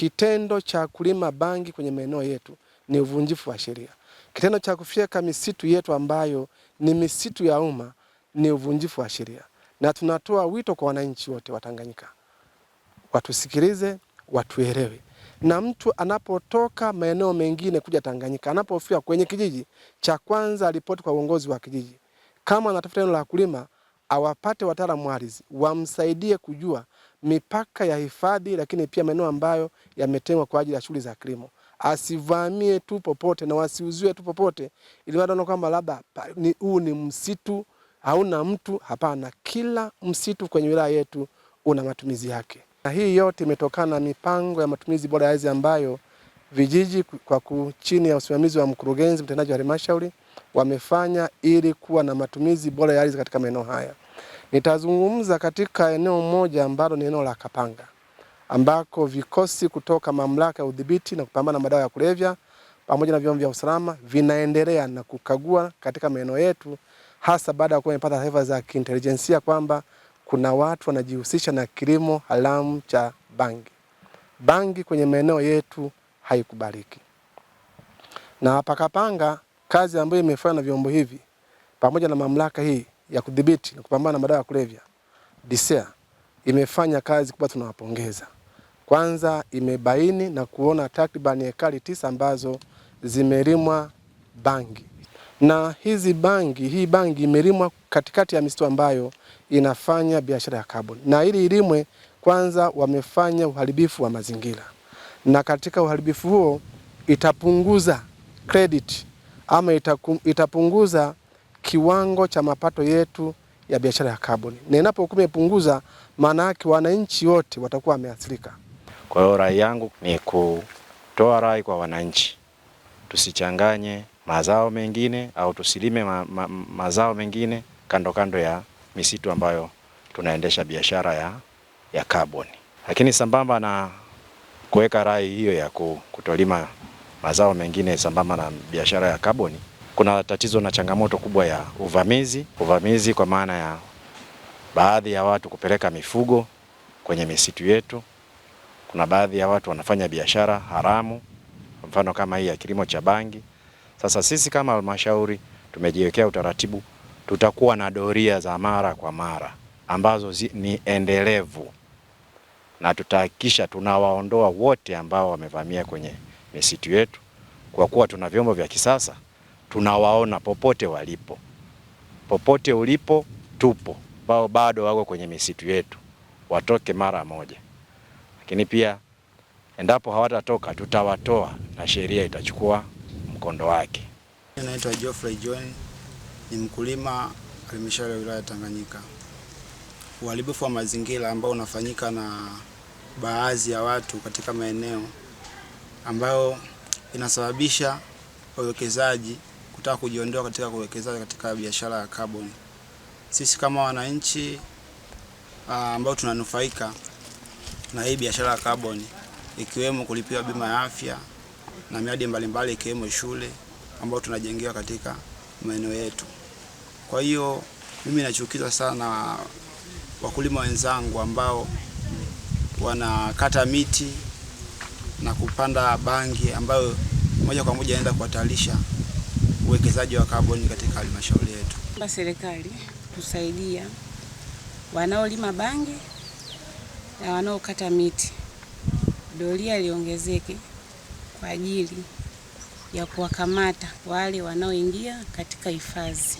kitendo cha kulima bangi kwenye maeneo yetu ni uvunjifu wa sheria. Kitendo cha kufyeka misitu yetu ambayo ni misitu ya umma ni uvunjifu wa sheria, na tunatoa wito kwa wananchi wote wa Tanganyika watusikilize, watuelewe na mtu anapotoka maeneo mengine kuja Tanganyika, anapofika kwenye kijiji cha kwanza, alipoti kwa uongozi wa kijiji. Kama anatafuta eneo la kulima, awapate wataalamu ardhi wamsaidie kujua mipaka ya hifadhi, lakini pia maeneo ambayo yametengwa kwa ajili ya shughuli za kilimo. Asivamie tu popote na wasiuziwe tu popote, ili waone kwamba labda huu ni msitu hauna mtu. Hapana, kila msitu kwenye wilaya yetu una matumizi yake, na hii yote imetokana na mipango ya matumizi bora ya ardhi ambayo vijiji kwa chini ya usimamizi wa mkurugenzi mtendaji wa halmashauri wamefanya ili kuwa na matumizi bora ya ardhi katika maeneo haya. Nitazungumza katika eneo moja ambalo ni eneo la Kapanga ambako vikosi kutoka mamlaka ya udhibiti na kupambana na madawa ya kulevya pamoja na vyombo vya usalama vinaendelea na kukagua katika maeneo yetu, hasa baada ya kuwa imepata taarifa za kiintelijensia kwamba kuna watu wanajihusisha na kilimo haramu cha bangi. Bangi kwenye maeneo yetu haikubaliki, na hapa Kapanga kazi ambayo imefanywa na vyombo hivi pamoja na mamlaka hii ya kudhibiti na kupambana na madawa ya kulevya DCEA imefanya kazi kubwa, tunawapongeza. Kwanza imebaini na kuona takribani hekari tisa ambazo zimelimwa bangi na hizi bangi hii bangi imelimwa katikati ya misitu ambayo inafanya biashara ya kaboni, na ili ilimwe kwanza wamefanya uharibifu wa mazingira, na katika uharibifu huo itapunguza credit ama itapunguza kiwango cha mapato yetu ya biashara ya kaboni, na inapo kumepunguza, maana yake wananchi wote watakuwa wameathirika. Kwa hiyo rai yangu ni kutoa rai kwa wananchi, tusichanganye mazao mengine au tusilime ma, ma, mazao mengine kando kando ya misitu ambayo tunaendesha biashara ya, ya kaboni, lakini sambamba na kuweka rai hiyo ya kutolima mazao mengine sambamba na biashara ya kaboni kuna tatizo na changamoto kubwa ya uvamizi. Uvamizi kwa maana ya baadhi ya watu kupeleka mifugo kwenye misitu yetu. Kuna baadhi ya watu wanafanya biashara haramu, mfano kama hii ya kilimo cha bangi. Sasa sisi kama halmashauri tumejiwekea utaratibu, tutakuwa na doria za mara kwa mara ambazo zi, ni endelevu na tutahakikisha tunawaondoa wote ambao wamevamia kwenye misitu yetu, kwa kuwa tuna vyombo vya kisasa tunawaona popote walipo, popote ulipo, tupo. bao bado wako kwenye misitu yetu watoke mara moja, lakini pia endapo hawatatoka tutawatoa na sheria itachukua mkondo wake. Naitwa Geoffrey John, ni mkulima halmashauri ya wilaya Tanganyika. Uharibifu wa mazingira ambao unafanyika na baadhi ya watu katika maeneo ambayo inasababisha wawekezaji kutaka kujiondoa katika kuwekezaji katika biashara ya kaboni. Sisi kama wananchi ah, ambao tunanufaika na hii biashara ya kaboni, ikiwemo kulipiwa bima ya afya na miradi mbalimbali ikiwemo shule ambayo tunajengewa katika maeneo yetu. Kwa hiyo mimi nachukizwa sana wakulima wenzangu ambao wanakata miti na kupanda bangi ambayo moja kwa moja inaenda kuhatarisha uwekezaji wa kaboni katika halmashauri yetu. Serikali kusaidia wanaolima bangi na wanaokata miti, doria liongezeke kwa ajili ya kuwakamata wale wanaoingia katika hifadhi.